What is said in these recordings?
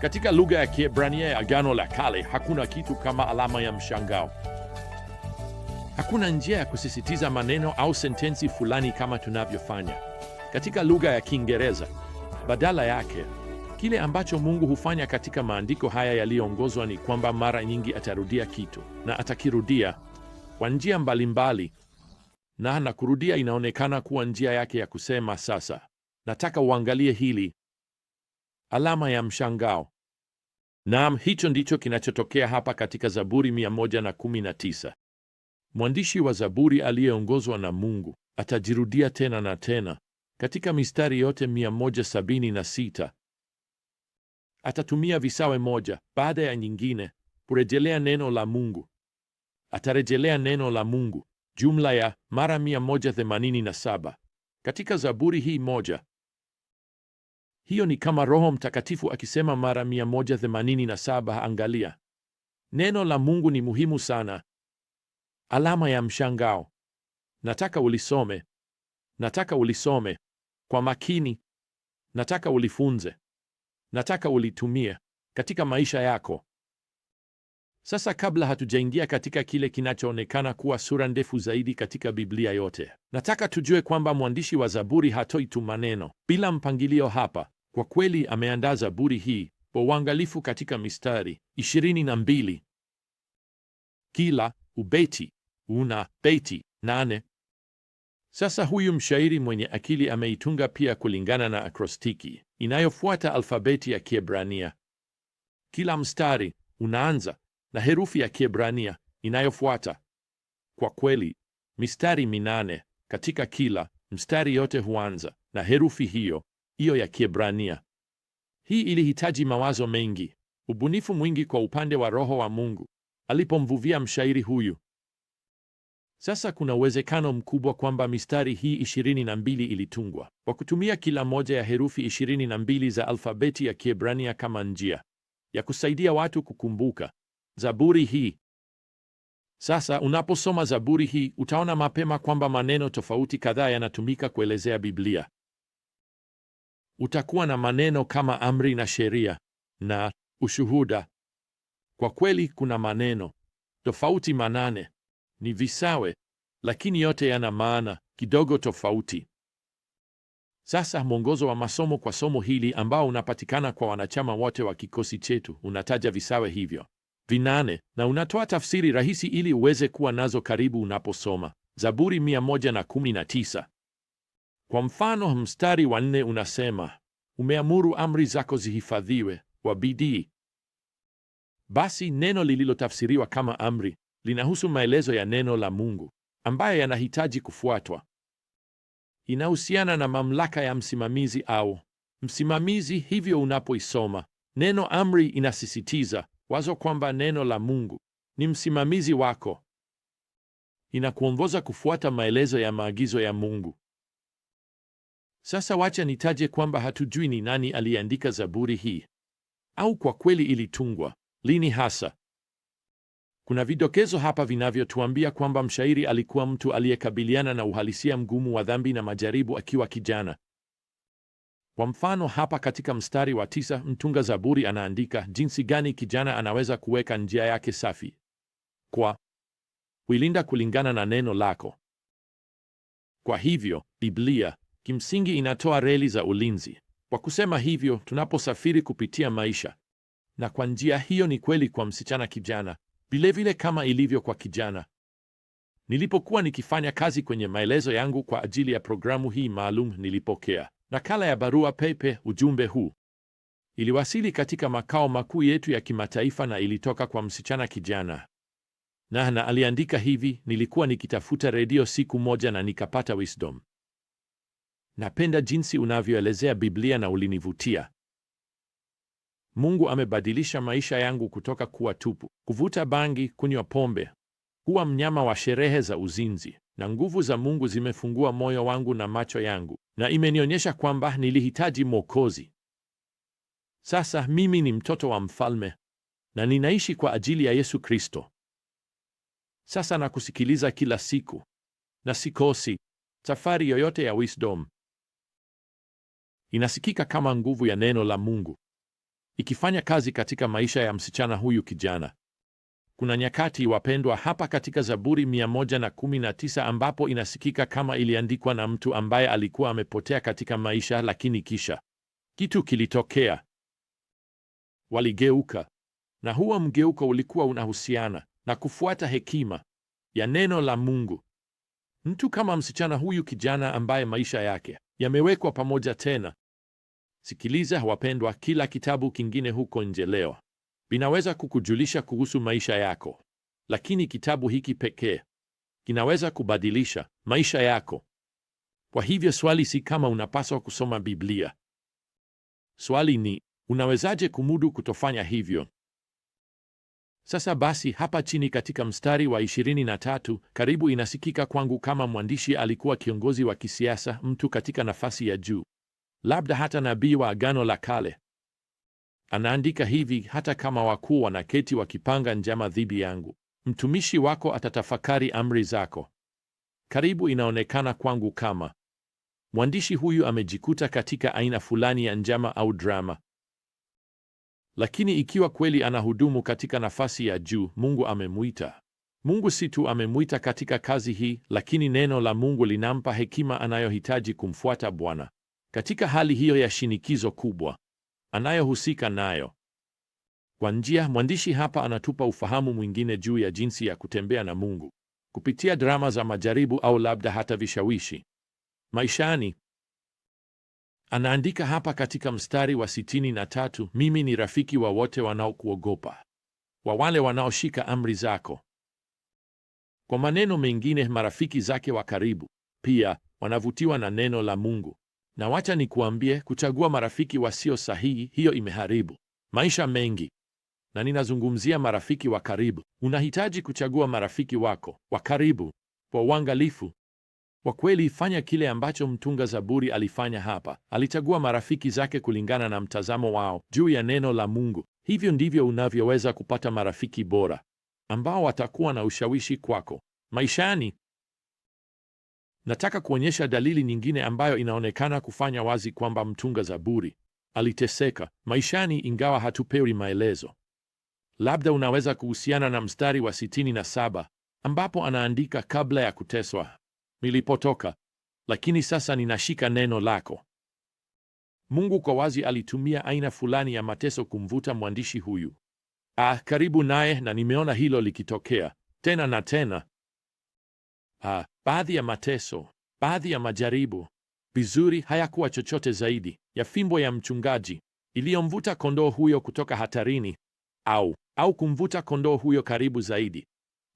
Katika lugha ya Kiebrania, Agano la Kale, hakuna kitu kama alama ya mshangao. Hakuna njia ya kusisitiza maneno au sentensi fulani kama tunavyofanya katika lugha ya Kiingereza. Badala yake, kile ambacho Mungu hufanya katika maandiko haya yaliyoongozwa ni kwamba mara nyingi atarudia kitu na atakirudia kwa njia mbalimbali, na na kurudia inaonekana kuwa njia yake ya kusema, sasa nataka uangalie hili alama ya mshangao. Naam, hicho ndicho kinachotokea hapa katika Zaburi 119. Mwandishi wa Zaburi aliyeongozwa na Mungu atajirudia tena na tena katika mistari yote 176. Atatumia visawe moja baada ya nyingine kurejelea neno la Mungu. Atarejelea neno la Mungu jumla ya mara 187 katika Zaburi hii moja. Hiyo ni kama Roho Mtakatifu akisema mara 187. Angalia, neno la Mungu ni muhimu sana. Alama ya mshangao. Nataka ulisome, nataka ulisome kwa makini, nataka ulifunze, nataka ulitumie katika maisha yako. Sasa, kabla hatujaingia katika kile kinachoonekana kuwa sura ndefu zaidi katika Biblia yote, nataka tujue kwamba mwandishi wa Zaburi hatoi tu maneno bila mpangilio hapa. Kwa kweli ameandaa zaburi hii kwa uangalifu katika mistari ishirini na mbili. Kila ubeti una beti nane. Sasa huyu mshairi mwenye akili ameitunga pia kulingana na akrostiki inayofuata alfabeti ya Kiebrania. Kila mstari unaanza na herufi ya Kiebrania inayofuata. Kwa kweli mistari minane katika kila mstari yote huanza na herufi hiyo hiyo ya Kiebrania. Hii ilihitaji mawazo mengi, ubunifu mwingi kwa upande wa Roho wa Mungu alipomvuvia mshairi huyu. Sasa kuna uwezekano mkubwa kwamba mistari hii 22 ilitungwa kwa kutumia kila moja ya herufi 22 za alfabeti ya Kiebrania kama njia ya kusaidia watu kukumbuka zaburi hii. Sasa unaposoma zaburi hii utaona mapema kwamba maneno tofauti kadhaa yanatumika kuelezea Biblia utakuwa na maneno kama amri na sheria na ushuhuda. Kwa kweli kuna maneno tofauti manane, ni visawe, lakini yote yana maana kidogo tofauti. Sasa mwongozo wa masomo kwa somo hili ambao unapatikana kwa wanachama wote wa kikosi chetu unataja visawe hivyo vinane na unatoa tafsiri rahisi ili uweze kuwa nazo karibu unaposoma Zaburi 119. Kwa mfano, mstari wa nne unasema umeamuru amri zako zihifadhiwe kwa bidii. Basi neno lililotafsiriwa kama amri linahusu maelezo ya neno la Mungu ambayo yanahitaji kufuatwa. Inahusiana na mamlaka ya msimamizi au msimamizi. Hivyo unapoisoma neno amri, inasisitiza wazo kwamba neno la Mungu ni msimamizi wako, inakuongoza kufuata maelezo ya maagizo ya Mungu. Sasa wacha nitaje kwamba hatujui ni nani aliyeandika zaburi hii au kwa kweli ilitungwa lini hasa. Kuna vidokezo hapa vinavyotuambia kwamba mshairi alikuwa mtu aliyekabiliana na uhalisia mgumu wa dhambi na majaribu akiwa kijana. Kwa mfano, hapa katika mstari wa tisa, mtunga zaburi anaandika jinsi gani kijana anaweza kuweka njia yake safi kwa kuilinda kulingana na neno lako. Kwa hivyo Biblia Kimsingi inatoa reli za ulinzi. Kwa kusema hivyo, tunaposafiri kupitia maisha, na kwa njia hiyo ni kweli kwa msichana kijana, vilevile kama ilivyo kwa kijana. Nilipokuwa nikifanya kazi kwenye maelezo yangu kwa ajili ya programu hii maalum, nilipokea nakala ya barua pepe. Ujumbe huu iliwasili katika makao makuu yetu ya kimataifa na ilitoka kwa msichana kijana na na aliandika hivi: nilikuwa nikitafuta redio siku moja na nikapata Wisdom Napenda jinsi unavyoelezea Biblia na ulinivutia. Mungu amebadilisha maisha yangu kutoka kuwa tupu, kuvuta bangi, kunywa pombe, kuwa mnyama wa sherehe za uzinzi, na nguvu za Mungu zimefungua moyo wangu na macho yangu, na imenionyesha kwamba nilihitaji Mwokozi. Sasa mimi ni mtoto wa mfalme na ninaishi kwa ajili ya Yesu Kristo. Sasa nakusikiliza kila siku na sikosi safari yoyote ya Wisdom inasikika kama nguvu ya neno la Mungu ikifanya kazi katika maisha ya msichana huyu kijana. Kuna nyakati wapendwa, hapa katika Zaburi 119 ambapo inasikika kama iliandikwa na mtu ambaye alikuwa amepotea katika maisha, lakini kisha kitu kilitokea, waligeuka, na huo mgeuko ulikuwa unahusiana na kufuata hekima ya neno la Mungu. Mtu kama msichana huyu kijana ambaye maisha yake yamewekwa pamoja tena. Sikiliza wapendwa, kila kitabu kingine huko nje leo vinaweza kukujulisha kuhusu maisha yako, lakini kitabu hiki pekee kinaweza kubadilisha maisha yako. Kwa hivyo swali si kama unapaswa kusoma Biblia. Swali ni unawezaje kumudu kutofanya hivyo? Sasa basi, hapa chini katika mstari wa 23, karibu inasikika kwangu kama mwandishi alikuwa kiongozi wa kisiasa, mtu katika nafasi ya juu, labda hata nabii wa Agano la Kale. Anaandika hivi: hata kama wakuu wanaketi wakipanga njama dhidi yangu, mtumishi wako atatafakari amri zako. Karibu inaonekana kwangu kama mwandishi huyu amejikuta katika aina fulani ya njama au drama. Lakini ikiwa kweli anahudumu katika nafasi ya juu, Mungu amemwita Mungu si tu amemwita katika kazi hii, lakini neno la Mungu linampa hekima anayohitaji kumfuata Bwana katika hali hiyo ya shinikizo kubwa anayohusika nayo. Kwa njia, mwandishi hapa anatupa ufahamu mwingine juu ya jinsi ya kutembea na Mungu kupitia drama za majaribu au labda hata vishawishi maishani. Anaandika hapa katika mstari wa sitini na tatu, mimi ni rafiki wa wote wanaokuogopa, wa wale wanaoshika amri zako. Kwa maneno mengine, marafiki zake wa karibu pia wanavutiwa na neno la Mungu. Na wacha nikuambie, kuchagua marafiki wasio sahihi, hiyo imeharibu maisha mengi. Na ninazungumzia marafiki wa karibu. Unahitaji kuchagua marafiki wako wa karibu kwa uangalifu. Kwa kweli, fanya kile ambacho mtunga zaburi alifanya hapa. Alichagua marafiki zake kulingana na mtazamo wao juu ya neno la Mungu. Hivyo ndivyo unavyoweza kupata marafiki bora ambao watakuwa na ushawishi kwako maishani. Nataka kuonyesha dalili nyingine ambayo inaonekana kufanya wazi kwamba mtunga zaburi aliteseka maishani, ingawa hatupewi maelezo. Labda unaweza kuhusiana na mstari wa 67 ambapo anaandika kabla ya kuteswa nilipotoka, lakini sasa ninashika neno lako. Mungu kwa wazi alitumia aina fulani ya mateso kumvuta mwandishi huyu ah, karibu naye, na nimeona hilo likitokea tena na tena. Ah, baadhi ya mateso, baadhi ya majaribu vizuri hayakuwa chochote zaidi ya fimbo ya mchungaji iliyomvuta kondoo huyo kutoka hatarini au au kumvuta kondoo huyo karibu zaidi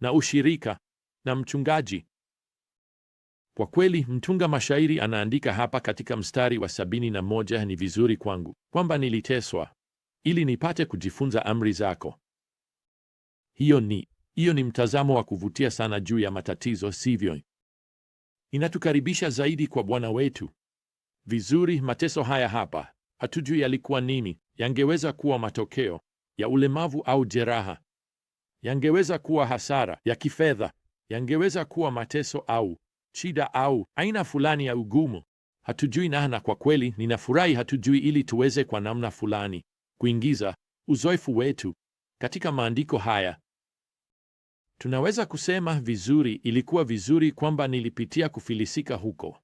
na ushirika na mchungaji. Kwa kweli mtunga mashairi anaandika hapa katika mstari wa sabini na moja ni vizuri kwangu kwamba niliteswa ili nipate kujifunza amri zako. Hiyo ni hiyo ni mtazamo wa kuvutia sana juu ya matatizo, sivyo? Inatukaribisha zaidi kwa Bwana wetu. Vizuri, mateso haya hapa hatujui yalikuwa nini. Yangeweza kuwa matokeo ya ulemavu au jeraha, yangeweza kuwa hasara ya kifedha, yangeweza kuwa mateso au shida au aina fulani ya ugumu hatujui, nana. kwa kweli ninafurahi hatujui, ili tuweze kwa namna fulani kuingiza uzoefu wetu katika maandiko haya. Tunaweza kusema vizuri, ilikuwa vizuri kwamba nilipitia kufilisika huko,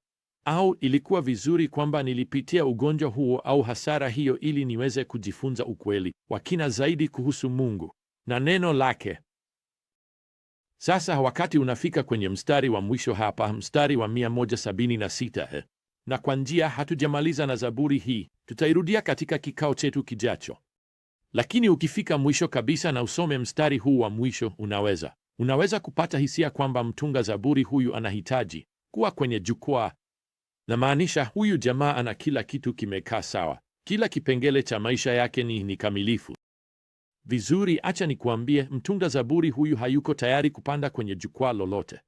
au ilikuwa vizuri kwamba nilipitia ugonjwa huo au hasara hiyo, ili niweze kujifunza ukweli wa kina zaidi kuhusu Mungu na neno lake. Sasa wakati unafika kwenye mstari wa mwisho hapa, mstari wa 176. Na, eh, na kwa njia hatujamaliza na zaburi hii, tutairudia katika kikao chetu kijacho, lakini ukifika mwisho kabisa na usome mstari huu wa mwisho, unaweza unaweza kupata hisia kwamba mtunga zaburi huyu anahitaji kuwa kwenye jukwaa. Namaanisha, huyu jamaa ana kila kitu kimekaa sawa, kila kipengele cha maisha yake ni ni kamilifu. Vizuri, acha nikuambie, mtunga zaburi huyu hayuko tayari kupanda kwenye jukwaa lolote.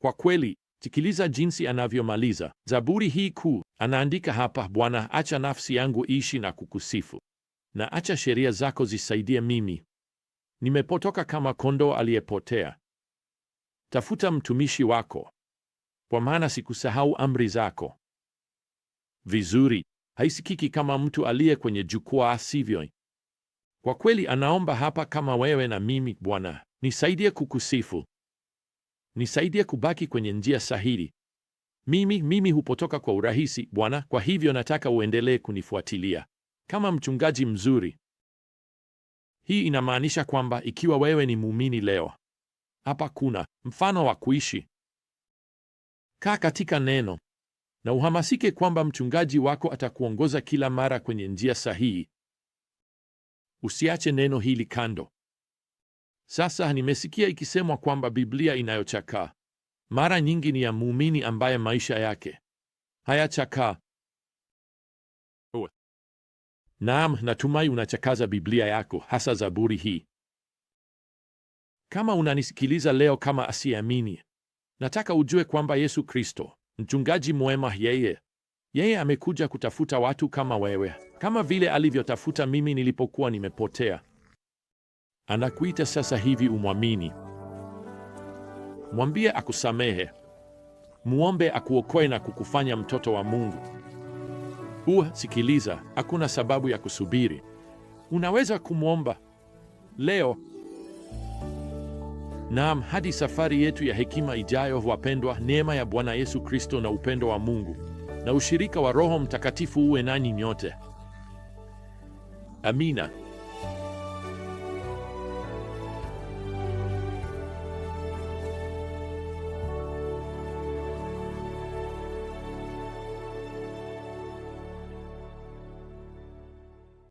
Kwa kweli, sikiliza jinsi anavyomaliza zaburi hii kuu. Anaandika hapa: Bwana, acha nafsi yangu ishi na kukusifu, na acha sheria zako zisaidie mimi. Nimepotoka kama kondoo aliyepotea. Tafuta mtumishi wako, kwa maana sikusahau amri zako. Vizuri, haisikiki kama mtu aliye kwenye jukwaa, sivyo? Kwa kweli anaomba hapa kama wewe na mimi, Bwana, nisaidie kukusifu, nisaidie kubaki kwenye njia sahihi. Mimi mimi hupotoka kwa urahisi Bwana, kwa hivyo nataka uendelee kunifuatilia kama mchungaji mzuri. Hii inamaanisha kwamba ikiwa wewe ni muumini leo, hapa kuna mfano wa kuishi. Kaa katika neno na uhamasike kwamba mchungaji wako atakuongoza kila mara kwenye njia sahihi. Usiache neno hili kando. Sasa nimesikia ikisemwa kwamba Biblia inayochakaa mara nyingi ni ya muumini ambaye maisha yake hayachakaa. Naam, natumai unachakaza Biblia yako, hasa Zaburi hii. Kama unanisikiliza leo kama asiamini nataka ujue kwamba Yesu Kristo mchungaji mwema, yeye yeye amekuja kutafuta watu kama wewe, kama vile alivyotafuta mimi nilipokuwa nimepotea. Anakuita sasa hivi umwamini, mwambie akusamehe, muombe akuokoe na kukufanya mtoto wa Mungu. Uwa, sikiliza, hakuna sababu ya kusubiri. Unaweza kumwomba leo. Naam, hadi safari yetu ya hekima ijayo, wapendwa, neema ya Bwana Yesu Kristo na upendo wa Mungu na ushirika wa Roho Mtakatifu uwe nanyi nyote. Amina.